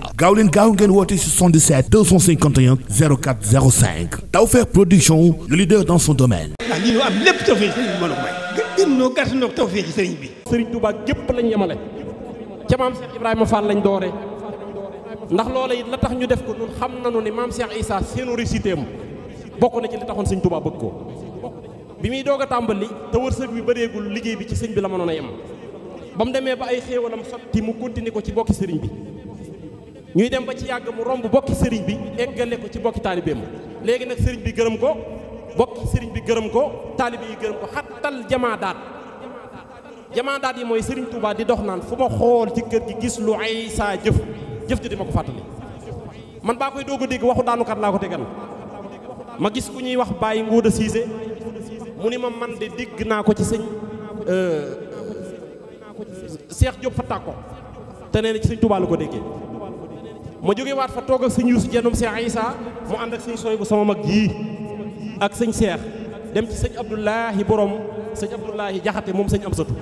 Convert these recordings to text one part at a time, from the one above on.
waaw gaaw leen gaaw ngeen woote 77 251 04 05 Tawfekh Production le leader dans son domaine. ah lii ñu am lépp tawfeex sëriñ bi mën a may. gën noo sëriñ bi. sëriñ Touba gépp lañ yemale. ca maam Cheikh Ibrahima Fall lañ doore ndax loola it la tax ñu def ko ñun xam nañu ne maam Cheikh Issa générosité am bokk na ci li taxoon sëñ Touba bëgg ko. bi muy doog a tàmbali te wërsëg bi bëreegul liggéey bi ci sëñ bi la ma a yem ba mu demee ba ay xéewalam sotti mu continué ko ci bokki sëriñ bi. ñuy dem ba ci yàgg mu romb bokki sëriñ bi eggale ko ci bokki taalibeem léegi nag sëriñ bi gërëm ko bokki sëriñ bi gërëm ko taalibe yi gërëm ko xattal jamaadaat jamaadaat yi mooy sëriñ Touba di dox naan fu ma xool ci kër gi gis lu ay saa jëf jëf ji di ma ko fàttali man baa koy doog a dégg waxu daanukat laa ko tegal ma gis ku ñuy wax Baye Ngouda Cissé mu ni ma man di dégg naa ko ci sëñ euh, Cheikh Diop Fatako te nee na ci sëñ Touba ko déggee ma jóge waat fa toog ak sëñ Yuusu jennum Seex Isaa mu ànd ak sëñ sooy bu sama mag jii ak sëñ Seex dem ci sëñ Abdoulahi borom sëñ Abdoulahi Jaxate moom sëñ Amsatu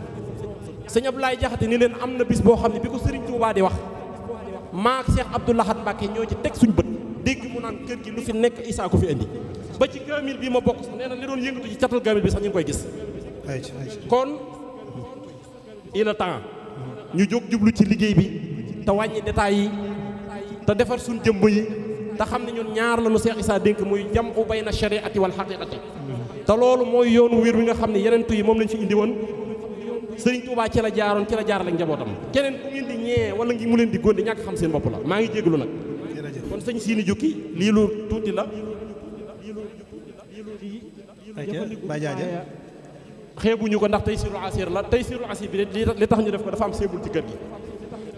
sëñ Abdoulahi Jaxate ni leen am na bis boo xam ne bi ko sëriñ Tuubaa di wax maa ak Seex Abdou Lahad Mbàkke ñoo ci teg suñ bët dégg mu naan kër gi lu fi nekk Isaa ko fi indi ba ci kaamil bi ma bokk sax nee na li doon yëngatu ci catal kaamil bi sax ñu ngi koy gis kon il est temps ñu jóg jublu ci liggéey bi te defar suñ jëmm yi te xam ne ñun ñaar la nu saa Isaa dénk muy jam na bayna shariati wal xaqiqati te loolu mooy yoonu wiir wi nga xam ne yeneen tu yi moom lañ fi indi woon sëriñ Tuubaa ci la jaaroon ci la jaarale njabootam keneen ku ngeen di ñee wala ngi mu leen di góonde ñàkk xam seen bopp la maa ngi jéglu nag kon sëñ siini jukki lii lu tuuti la ñu ko ndax tey sirul asir la tey sirul asir bi li tax ñu def ko dafa am seebul ci kër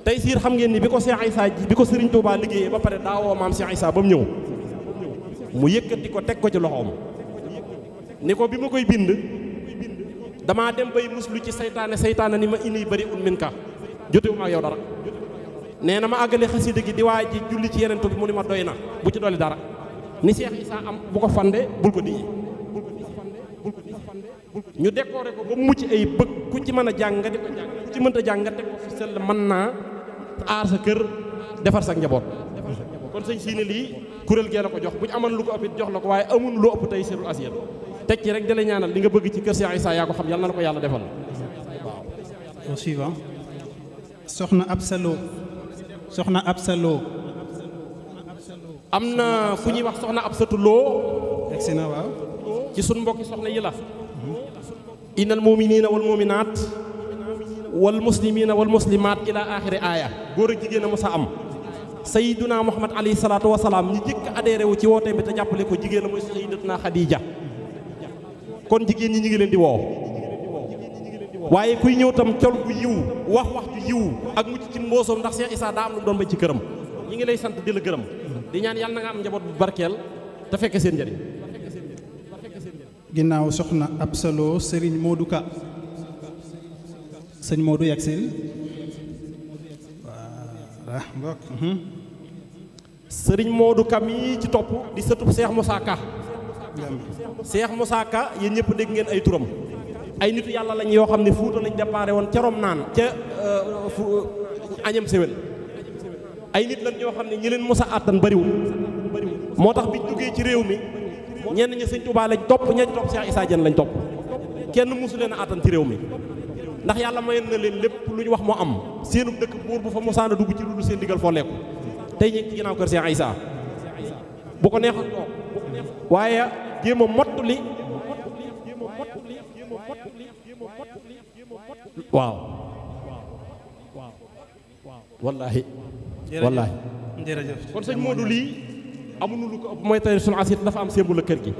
tey siir xam ngeen ni bi ko Cheikh Issa bi ko Serigne Touba liggéeyee ba pare daawoo maam Cheikh Issa ba mu ñëw mu yëkkati ko teg ko ci loxoom ni ko bi ma koy bind damaa dem bay muslu ci seytaane seytaane ni ma indi bëri un min ka jotewuma ak yow dara nee na ma àggale xasida gi di waa julli ci yeneen bi mu ni ma doy na bu ci dolli dara ni Cheikh Issa am bu ko fande bul ko di ñu décoré ko ba mu mucc ay bëgg ku ci mën a jàng nga di ko jàng ku ci mënta jàng ko fu sell naa aar sa kër defar sa njaboot kon sëñ siine lii kuréel gee la ko jox bu ñu amoon jox la ko waaye amul lu ëpp tey sirul asiyal teg rek di la li nga bëgg ci kër Cheikh Issa yaa ko xam yàlla na la ko yàlla defal waaw. au soxna Absalo soxna Absalo. am na fu ñuy wax soxna Absatu Lo. egsi na waaw. ci sunu mbokki soxna yi la. innal muminina wal muminaat. wal muslimina wal muslimaat ila axiri aaya góor ak jigéen a mos a am sayiduna muhammad alayhi salaatu wasalaam ñi jëkk adhéré wu ci wooteem bi te jàppale ko jigéen a mooy sayidatuna xadija kon jigéen ñi ñu ngi leen di woo waaye kuy ñëw tam col gu yiw wax wax ju yiw ak mucc ci mboosoom ndax Cheikh Issa daa am lu doon bañ ci këram ñi ngi lay sant di la gërëm di ñaan yàlla na nga am njaboot bu barkeel te fekke seen njëriñ ginnaaw soxna ab salo Serigne Modou Ka sëñ Modou yegsil waa mbokk mhm. sëriñ Modou Kam yi ci topp di sëtub Seex Musaa Ka Seex Musaa Ka yéen ñëpp dégg ngeen ay turam ay nit yàlla lañ yoo xam ne Fuuta lañ déparé woon ca rom naan ca euh, añam séwén ay nit lañ yoo xam ne ñi leen mos àttan bariwul moo tax biñ duggee ci réew mi ñenn ñi sëñ Tuubaa lañ topp ña topp Seex Isaa lañ topp kenn mosu leen a àttan ci réew mi ndax yàlla mayoon na leen lépp lu ñu wax moo am seenu dëkk buur bu fa mosaana dugg ci lu seen digal foo lekku tey ñu ngi ci ginnaaw kër seen Aysa bu ko neexoon toog waaye jéem mott li waaw wallaahi wallaahi kon sëñ Modou lii amuñu lu ko ëpp mooy tey sunu asit dafa am sémbul kër gi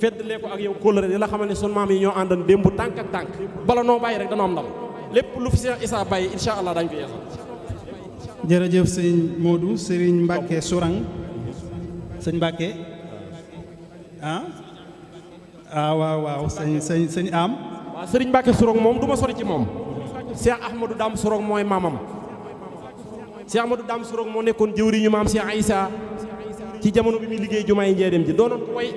feddalee ko ak yow kóllëre di la xamal ne sunu maam yi ñoo àndan démb tànk ak tànk bala noo bàyyi rek danoo am ndam lépp lu fi Cheikh Issa bàyyi incha allah daañu ko yeesal jërëjëf sëñ Modou sëriñ Mbacke Sourang sëñ Mbacke ah ah waaw waaw sëñ sëñ sëñ am waaw sëriñ Mbacke moom du sori ci moom Cheikh Ahmadou Dame Sourang mooy maamam Cheikh Ahmadou Dame Sourang moo nekkoon jëwriñu maam Cheikh Aïssa ci jamono bi muy liggéey jumaay njeereem ji doonoon ko way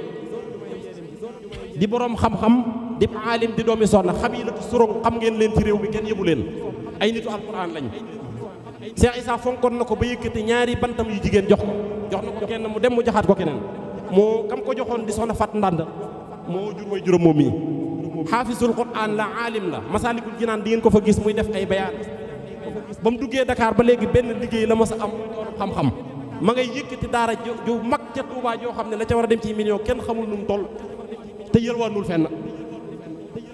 di boroom xam-xam di aalim di doomi soxna xabilatu surong xam ngeen leen ci réew mi kenn yëbu leen ay nitu alquran lañ Cheikh Issa fonkoon na ko ba yëkkati ñaari bantam yu jigéen jox ko jox na ko kenn mu dem mu joxaat ko keneen moo kam ko joxoon di soxna fat ndànd moo jur way juróom moom yi xaafisul quran la aalim la masaalikul jinaan dingeen ko fa gis muy def ay bayaan ba mu duggee dakaar ba léegi benn liggéey la mos a am xam ma ngay yëkkati daara ju mag ca Touba joo xam ne la ca war a dem ci million kenn xamul nu mu toll te yëlwaanul fenn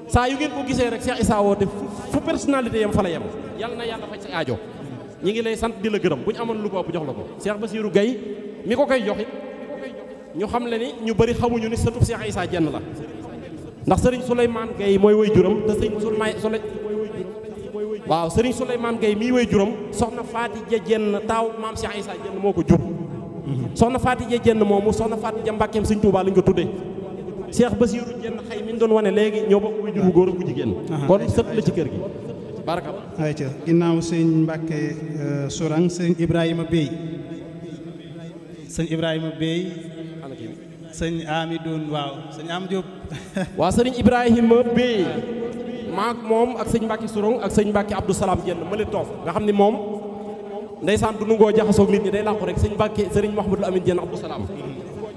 saa yu ngeen ko gisee rek Cheikh Issa woote fu personnalité yam fa la yem yàlla na yàlla faj sa aajo ñi ngi lay sant di la gërëm bu ñu amoon lu ko ëpp jox la ko seex ba Bassirou Gueye mi ko koy joxit ñu xam le ne ñu bëri xamuñu ni sëtub seex Issa jenn la ndax Serigne Souleymane Gueye mooy woy juram te Serigne Souleymane waaw sëriñ Souleymane Gueye mii way juróom soxna Faatija Jenn taaw maam Cheikh Issa Jenn moo ko jur mhm. soxna Faatija Jenn moomu soxna Faatija Mbàkkeem sëñ Tuubaa lañ ko tuddee Cheikh Basiiru Jenn xay mi ñu doon wane léegi ñoo bokk way jur bu góor ak bu jigéen kon sët la ci ginnaaw sëñ Mbàkke euh, Sourang sëñ Ibrahima Bey sëñ Ibrahima Bey sëñ Amidoun waaw sëñ Am Diop waaw sëriñ Ibrahima Bey maak moom ak sëñ Mbacke Sorong ak sëñ Mbacke Abdou Salam Dieng mële toof nga xam ni moom ndeysaan du nungoo jaxasoog nit ñi day làqu rek sëñ Mbacke sëriñ Mouhamadou Amine Dieng Abdou Salam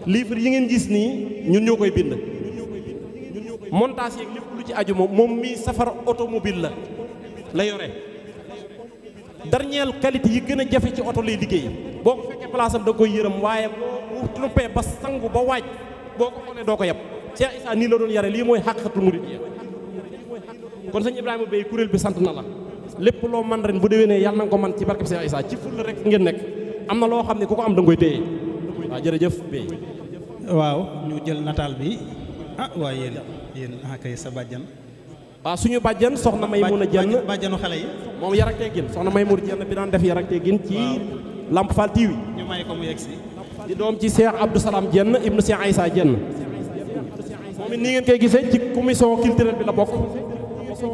livre yi ngeen gis nii ñun ñoo koy bind montage yeeg lépp lu ci aju moom moom mii safar automobile la la yore dernière qualité yi gën a jafe ci oto lay liggéey boo ko fekkee place am da koy yërëm waaye boo trompé ba sangu ba waaj boo ko xoolee doo ko yeb Cheikh Issa nii la lii mooy xàqatul kon sëñ Ibrahima Bey kuréel bi sant na la lépp loo man ren bu déwénee yàlla na nga ko man ci barkeb Seex Isaa ci ful rek ngeen nekk am na loo xam ne ku ko am da nga koy téye waaw jërëjëf Bey waaw ñu jël nataal bi ah waa yéen yéen ah kay sa bàjjan waaw suñu bàjjan soxna may mun a jenn bàjjanu xale yi moom yar ak teggin soxna may mun a jenn bi daan def yar ak teggin ci Lamp Fall TV ñu di doom ci Cheikh Abdou Salam ibnu Cheikh Aïssa Jenn moom it ni ngeen koy gisee ci commission culturelle bi la bokk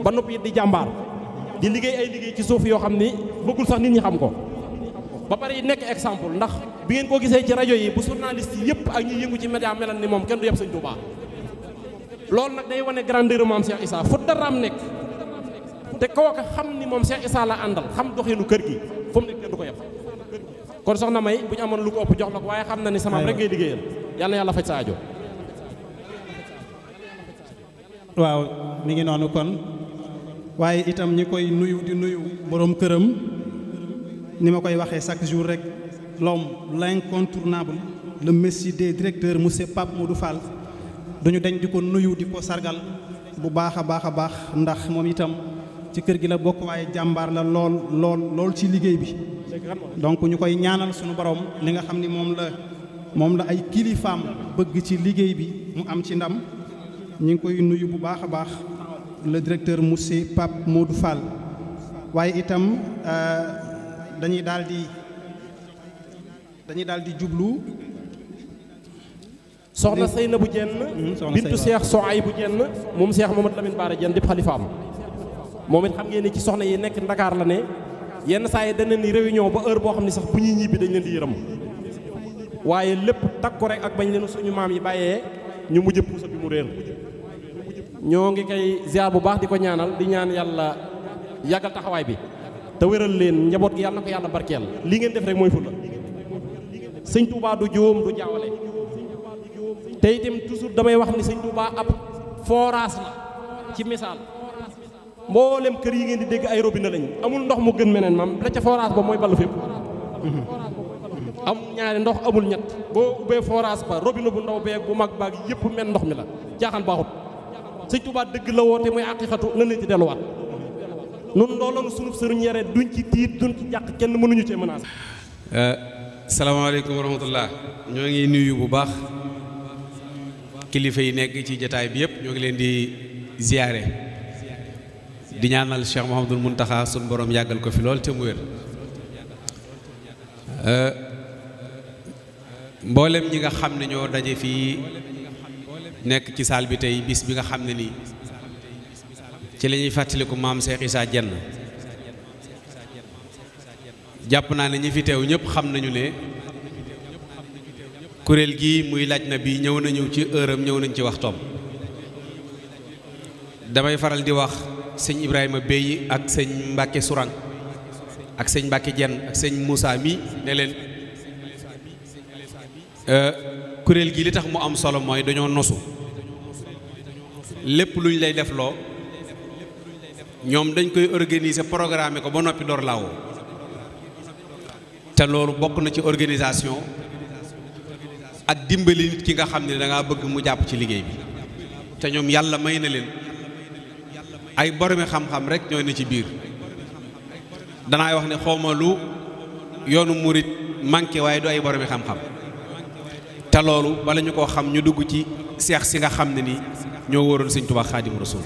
ba noppi it di jàmbaar di liggéey ay liggéey ci suuf yoo xam ni bëggul sax nit ñi xam ko ba pare it nekk exemple ndax bi ngeen koo gisee ci rajo yi bu journaliste yi yëpp ak ñi yëngu ci média melan ni moom kenn du yem sëñ Touba loolu nag day wane grandeur maam Cheikh Issa fu daraam nekk te kooka xam ni moom Cheikh Issa la àndal xam doxinu kër gi fu mu nekk kenn du ko yem kon soxna May bu ñu amoon lu ko jox la waaye xam na ni sama rek ngay liggéeyal yal na yàlla faj sa waaw mi ngi noonu kon waaye itam ñi koy nuyu di nuyu boroom këram ni ma koy waxee chaque jour rek l'homme l'incontournable le messie des directeurs monsieur du Modou Fall duñu dañ di ko nuyu di ko sargal bu baax a baax a baax ndax moom itam ci kër gi la bokk waaye jàmbaar la lool lool lool ci liggéey bi donc ñu koy ñaanal suñu borom li nga xam ni moom la moom la ay kilifaam bëgg ci liggéey bi mu am ci ndam ñu ngi koy nuyu bu baax a baax le directeur monsieur Pape Modou Fall waaye itam euh, dañuy daal di dañuy daal di jublu. soxna Seynabou Diène hmm, bintu Cheikh Souaïbou Diène moom Cheikh Mamadou Lamine Bara Diène di xalifaam moom it xam ngeen ne ci soxna yi nekk Ndakaar la ne yenn saa yi dana ni réunion ba heure boo xam ne sax bu ñuy ñibbi dañ leen di yërëm waaye lépp ko rek ak bañ leen suñu maam yi bàyyee ñu mujj puusa bi mu réer ñoo ngi kay ziar bu baax di ko ñaanal di ñaan yàlla yàggal taxawaay bi te wéral leen njaboot gi yàlla ko yàlla barkeel li ngeen def rek mooy fulla sëñ Touba du juum du jaawale tey itam toujours damay wax ni sëñ Touba ab forage la ci misaal mboolem kër yi ngeen di dégg ay robine lañ amul ndox mu gën meneen maam la ca forage ba mooy ballu fépp amul ñaari ndox amul ñett boo ubbee forage ba robinet bu ndaw beeg bu mag baag yëpp men ndox mi la jaaxaan baaxut sëñ Tuubaa dëgg la woote muy àqiqatu nan la ci delluwaat nun looloonu sunub sëriñ yare duñ ci tiit duñ ci jàq kenn mënuñu cee menacé euh, salaamaaleykum wa rahmatullah ñoo ngi nuyu bu baax kilifa yi nekk ci jataay bi yëpp ñoo ngi leen di ziyaare di ñaanal Cheikh Mouhamadul Muntaxa sun borom yàggal ko fi lool te mu wér euh, mboolem ñi nga xam ne ñoo daje fii nekk ci saal bi tey bis bi nga xam ne nii ci la ñuy fàttaliku maam Cheikh Issa Diène jàpp naa ne ñi fi teew ñëpp xam nañu ne kurél gi muy laaj na bi ñëw nañu ci heure ñëw nañ ci wax waxtoom damay faral di wax sëñ Ibrahima Bey ak sëñ Mbacke Sourang ak sëñ Mbacke Diène ak sëñ Moussa mi ne leen. Euh, kuréel gi li tax mu am solo mooy dañoo nosu lépp lu ñu lay def loo ñoom dañ koy organiser programmer ko ba noppi door laawoo te loolu bokk na ci organisation ak dimbali nit ki nga xam ne da ngaa bëgg mu jàpp ci liggéey bi te ñoom yàlla may na leen ay boromi xam-xam rek ñoo ne ci biir danaay wax ne xawma lu yoonu murit manqué waaye du ay boromi xam-xam te loolu bala ñu koo xam ñu dugg ci seex si nga xam ne nii ñoo wóoroon sëñ Tuubaa Xaadimu Rasuul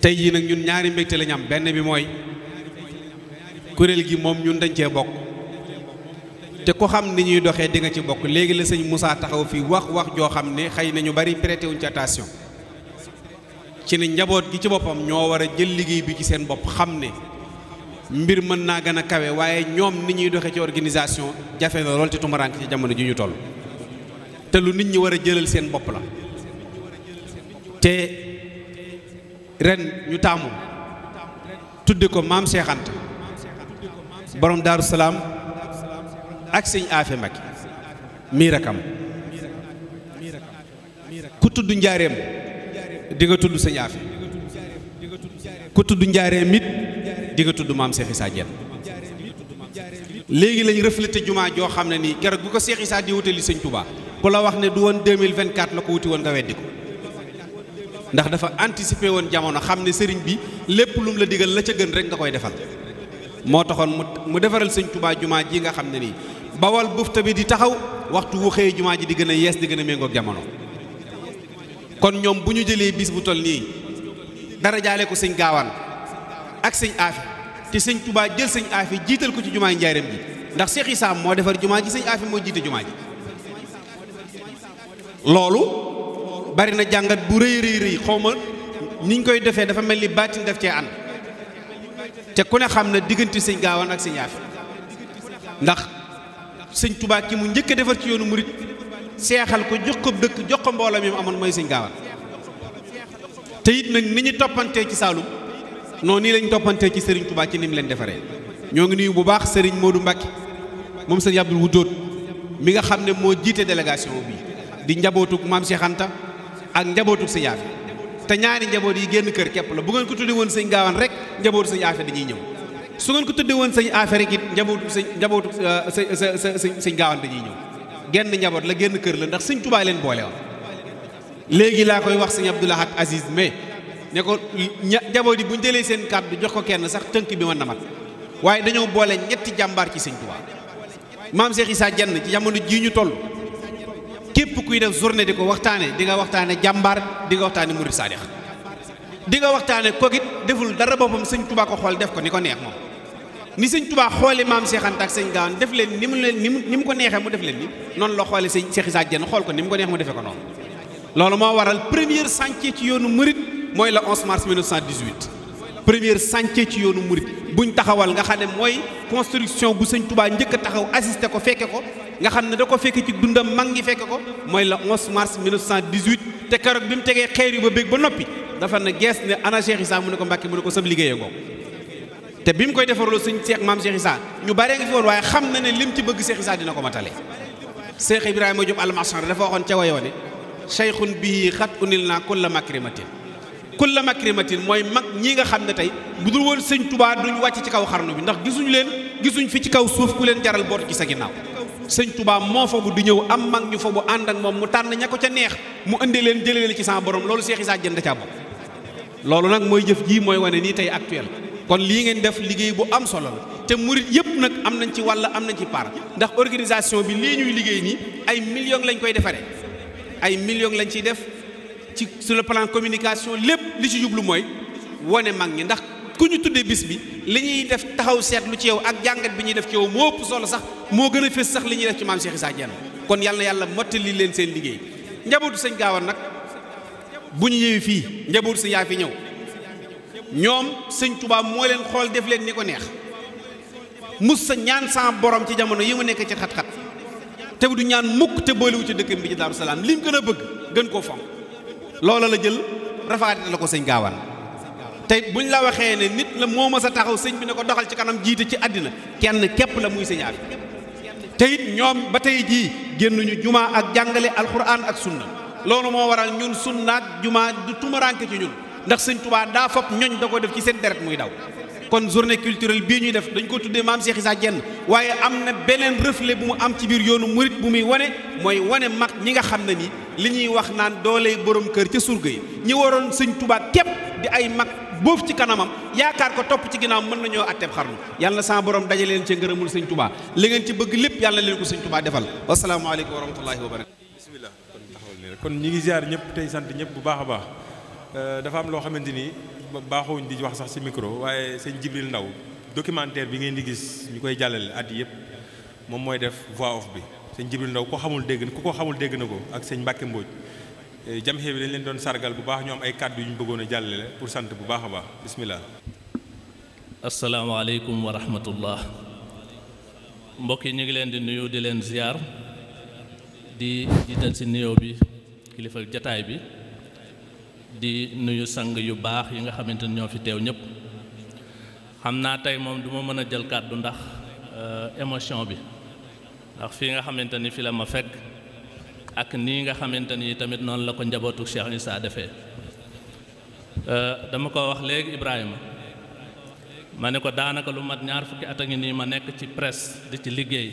tey jii nag ñun ñaari mbégte lañ am benn bi mooy kuréel gi moom ñun dañ cee bokk te ku xam ni ñuy doxee di nga ci bokk léegi la sëñ Moussa taxaw fii wax wax joo xam ne xëy na ñu bari prêté wuñ ci attention ci ne njaboot gi ci boppam ñoo war a jël liggéey bi ci seen bopp xam ne. mbir mën naa gën a kawe waaye ñoom ni ñuy doxee ci organisation jafe na lool ci tumuraank ci jamono ji ñu toll te lu nit ñi war a jëlal seen bopp la te ren ñu taamu tudde ko maam Cheikh Anta borom Daaru Salaam ak sëñ Afe Mbacké mii rakam ku tudd njaareem di nga tudd sëñ Afe ku tudd njaareem it di nga tudd maam Cheikh Issa Diène jumaa joo xam ne nii keroog bu ko Cheikh Issa di wutali sëñ Touba ku la wax ne du woon 2024 la ko wuti woon nga weddi ko ndax dafa anticiper woon jamono xam ne sëriñ bi lépp lum la digal la ca gën rek nga koy defal moo taxoon mu mu defaral sëñ Touba jumaa ji nga xam ne nii bawal bufta bi di taxaw waxtu wu xëyee jumaa ji di gën a yees di gën a méngoog jamono kon ñoom bu ñu jëlee bis bu toll nii dara jaale ko sëñ gaawaan te sëñ tubaa jël sëñ aafi jiital ko ci jumaa njaareem ji ndax Cheikh Issa moo defar jumaa ji sëñ aafi moo jiite jumaa ji loolu bari na jàngat bu rëy rëy rëy xaw ma niñ koy defee dafa mel ni baatin def cee ànd te ku ne xam na diggante sëñ gaawaan ak sëñ yaafi ndax sëñ Touba ki mu njëkk defar ci yoonu murit seexal ko jox ko dëkk jox ko mbooloo mi amoon mooy sëñ gaawaan te it nag ni ñu toppantee ci Saalum. noonu nii lañ toppantee ci Serigne Touba ci ni mu leen defaree ñoo ngi nuyu bu baax Serigne du Mbacke moom Serigne Abdoul Wudóot mi nga xam ne moo jiite délégation bi di njabootug maam Cheikh Anta ak njabootug sëñ Afe te ñaari njaboot yi génn kër kepp la bu ngeen ko tuddee woon sëñ Gaawaan rek njabootu sëñ Afe dañuy ñëw su ngeen ko tuddee woon sëñ Afe rek it njabootu sëñ njabootu euh, sëñ Gaawaan dañuy ñëw genn njaboot la génn kër la ndax sëñ Touba leen boole woon laa koy wax sëñ Abdoulahat mais ne ko njaboot yi bu ñu jëlee seen kàddu jox ko kenn sax tënk bi mën na mat waaye dañoo boole ñetti jàmbaar ci sëñ Tuubaa maam Cheikh Issa jenn ci jamono jii ñu toll képp kuy def journée di ko waxtaane di nga waxtaane jàmbaar di nga waxtaane murid saadix di nga waxtaane kookit deful dara boppam sëñ Tuubaa ko xool def ko ni ko neex moom ni sëñ Tuubaa xoole maam Cheikh Anta ak sëñ Gaawaan def leen ni mu leen ni mu ko neexee mu def leen ni noonu la xoole sëñ Cheikh Issa xool ko ni ko neexee mu defee ko mooy la 11 mars 1918 premier chantier ci yoonu murit buñ taxawal nga xam ne mooy construction bu sëñ Touba njëkk taxaw assisté ko fekke ko nga xam ne da ko fekke ci dundam mag ngi fekke ko mooy la 11 mars 1918 te keroog bi mu tegee xeer yu ba bëgg ba noppi dafa ne gees ne ana Cheikh Issa mu ne ko Mbàkke mu ne ko sam liggéeyee ko te bi mu koy defarloo sëñ Cheikh maam Cheikh Issa ñu baree ngi fi woon waaye xam na ne lim ci bëgg Cheikh Issa dina ko matale Cheikh Ibrahima Diop almasar dafa waxoon ca wayoone cheikhun bihi kulla makrimatin mooy mag ñii nga xam ne tey bu dul woon sëñ tubaa duñ wàcc ci kaw xarnu bi ndax gisuñu leen gisuñ fi ci kaw suuf ku leen jaral boot ci sa ginnaaw sëñ tubaa moo fa bu du ñëw am mag ñu fa bu ànd ak moom mu tànn ña ko ca neex mu indi leen jëlee leen ci sama borom loolu Seex Isaa Jeen da caa bokk loolu nag mooy jëf jii mooy wane nii tey actuel kon lii ngeen def liggéey bu am solo te murit yëpp nag am nañ ci wàll am nañ ci part ndax organisation bi lii ñuy liggéey nii ay millions lañ koy defaree ay millions lañ ciy def ci su le plan communication lépp li ci jublu mooy wane mag ñi ndax ku ñu tuddee bis bi li ñuy def taxaw seetlu ci yow ak jàngat bi ñuy def ci yow moo ëpp solo sax moo gën a fës sax li ñuy def ci maam Cheikh Issa Diène kon yàlla na yàlla mottali leen seen liggéey njabootu sëñ Gaawaan nag bu ñu ñëwee fii njabootu sëñ yaa fi ñëw ñoom sëñ tubaab moo leen xool def leen ni ko neex mus sa ñaan sa borom ci jamono yi mu nekk ci xat-xat te du ñaan mukk te boolewu ci dëkkam bi ci Daaru Salaam li gën a bëgg gën koo fonk loola la jël rafaati la ko sëñ gaawaan tey buñ la waxee ne nit la moo mës a taxaw sëñ bi ne ko doxal ci kanam jiite ci àddina kenn képp la muy sëñ Aafi te it ñoom ba tey jii génnuñu jumaa ak jàngale alxuraan ak sunna loolu moo waral ñun sunna ak jumaa du tumuraanke ci ñun ndax sëñ Tuubaa daa fop ñoñ da ko def ci seen deret muy daw kon journée culturel bii ñuy def dañ ko tuddee maam Cheikh Issa Diène waaye am na beneen reflet bu mu am ci biir yoonu murit bu muy wane mooy wane mag ñi nga xam ne ni li ñuy wax naan dooley boroom kër ca surga yi ñi waroon sëñ Tuubaa képp di ay mag boof ci kanamam yaakaar ko topp ci ginnaaw mën nañoo atteeb xarnu yàlla na sama borom daje leen ci ngërëmul sëñ Tuubaa li ngeen ci bëgg lépp yàlla leen ko sëñ Tuubaa defal wasalaamaaleykum wa rahmatullahi wa barakatu bismillah kon taxawal nii rek kon ñi ngi ziar ñëpp tey sant ñëpp bu baax a baax euh, dafa am loo xamante ni baaxuñ di wax sax ci micro waaye sëñ Jibril Ndaw documentaire bi ngeen di gis ñu koy jàllale at yëpp moom mooy def voix off bi sëñ Jibril Ndaw ko xamul dégg ku ko xamul dégg na ko ak sëñ Mbàkke Mbóoj eh, jamxee bi dañ leen doon sargal bu baax ñu am ay kàddu yu ñu bëggoon a jàllale pour sant bu baax a baax bisimilah. asalaamaaleykum wa rahmatullah mbokk yi ñu ngi leen di nuyu di leen ziar di jiital ci nuyoo bi kilifa jataay bi. di nuyu sang yu baax yi nga xamante ni ñoo fi teew ñëpp xam naa tey moom duma mën a jël kàddu ndax euh, émotion bi ndax fii nga xamante ni fi la ma fekk ak nii nga xamante ni tamit noonu la ko njabootu Cheikh saa defee euh, dama ko wax léegi Ibrahima ma ne ko daanaka lu mat ñaar fukki at a ngi nii ma nekk ci presse di ci liggéey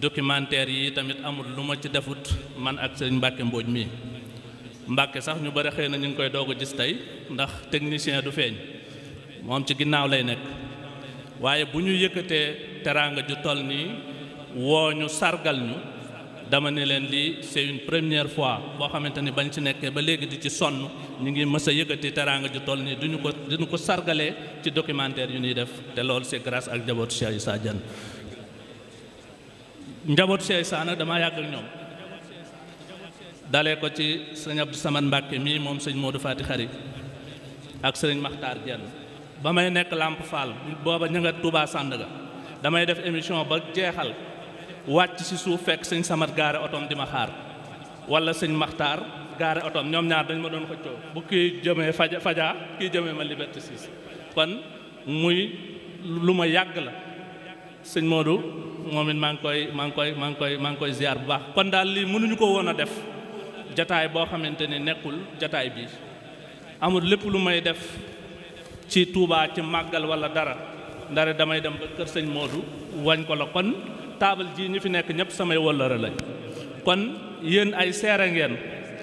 documentaire yi tamit amul lu ma ci defut man ak sëñ Mbàkke Mbooj mii Mbàkke sax ñu bari xëy na ñu ngi koy doog a gis tey ndax technicien du feeñ moom ci ginnaaw lay nekk waaye bu ñu yëkkatee teraanga ju tol nii woo ñu sargal ñu dama ne leen lii c'est une première fois boo xamante ni bañ ci nekkee ba léegi di ci sonn ñu ngi mës a yëkkati teraanga ju toll nii duñu ko duñu ko sargalee ci documentaire yu ñuy def te loolu c'est grâce ak njabootu Cheikh Issa njaboot njabootu Cheikh Issa nag damaa ñoom. dale ko ci sëñ Abdou Samad Mbàkke mii moom sëñ Modou Fati Xari ak sëñ Maxtaar Jenn ba may nekk làmp Fall booba ña nga Touba Sandaga damay def émission ba jeexal wàcc ci suuf fekk sëñ Samad gaare otoom di ma xaar walla sëñ Maxtaar gaare otoom ñoom ñaar dañ ma doon xëccoo bu kii jëmee faja faja kii jëmee ma Liberté 6 kon muy lu ma yàgg la sëñ Modou moom it maa ngi koy maa ngi koy maa ngi koy maa ngi koy ziar bu baax kon daal lii mënuñu ko woon a def jataay boo xamante ne nekkul jataay bi amul lépp lu may def ci Touba ci màggal wala dara ndare damay dem ba kër sëñ moodu wañ ko la kon taabal ji ñu fi nekk ñëpp samay wëllëre lañ kon yéen ay seere ngeen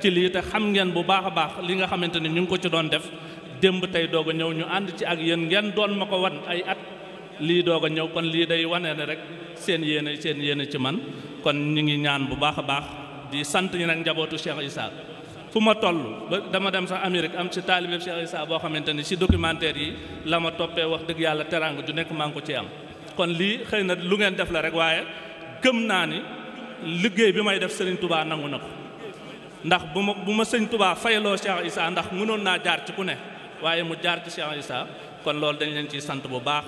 ci lii te xam ngeen bu baax a baax li nga xamante ne ñu ngi ko ci doon def démb tey doog a ñëw ñu ànd ci ak yéen ngeen doon ma ko wan ay at lii doog a ñëw kon lii day wane ne rek seen yéene seen yéene ci man kon ñu ngi ñaan bu baax baax di sant ñu nag njabootu Cheikh Issa fu ma toll ba dama dem sax Amérique am ci taalibe Cheikh Issa boo xamante ni ci documentaire yi la ma toppee wax dëgg yàlla teraanga ju nekk maa ngi ko ci am kon lii xëy na lu ngeen def la rek waaye gëm naa ni liggéey bi may def Serigne Touba nangu na ko ndax bu ma bu ma sëñ Touba fayloo Cheikh Issa ndax mënoon naa jaar ci ku ne waaye mu jaar ci Cheikh Issa kon loolu dañ leen ciy sant bu baax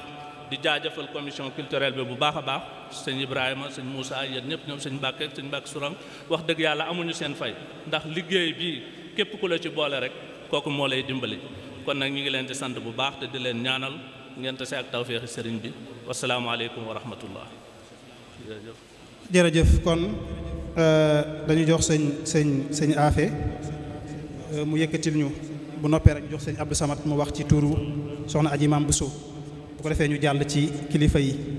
di jaajëfal commission culturelle bi bu baax a baax sëñ Ibrahima sëñ Moussa yéen ñëpp ñoom sëñ Mbàkke ak sëñ Mbàkke wax dëgg yàlla amuñu seen fay ndax liggéey bi képp ku la ci boole rek kooku moo lay dimbali kon nag ñu ngi leen di sant bu baax te di leen ñaanal ngeen tase ak tawféexi sëriñ bi wasalaamaaleykum wa rahmatullah jërëjëf jërëjëf kon euh, dañu jox sëñ sëñ sëñ Afe euh, mu yëkkatil ñu bu noppee rek jox sëñ Abdou Samad mu wax ci tuuru soxna aji maam Bousso bu ko defee ñu jàll ci kilifa yi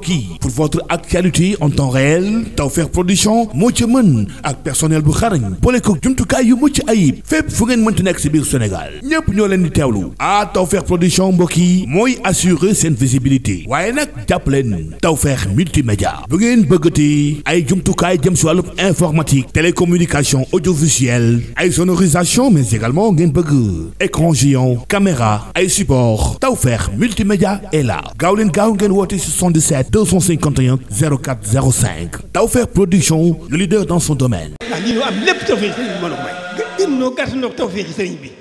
mbokk yi pour votre actualité en temps réel Tawfekh Production moo ci mën ak personnel bu xarañ boole ko jumtukaay yu mucc ayib fépp fu ngeen mënti nekk si biir Sénégal ñépp ñoo leen di teewlu ah Tawfekh Production mbokk yi mooy assurer seen visibilité waaye nag jàpp leen Tawfekh multimédia bu ngeen bëggati ay jumtukaay jëm si wàllu informatique télécommunication audiovisuelle ay sonorisation mais également ngeen bëgg écran géant caméra ay support Tawfekh multimédia est là gaaw leen gaaw ngeen woote 77 251 04 05 a may. gën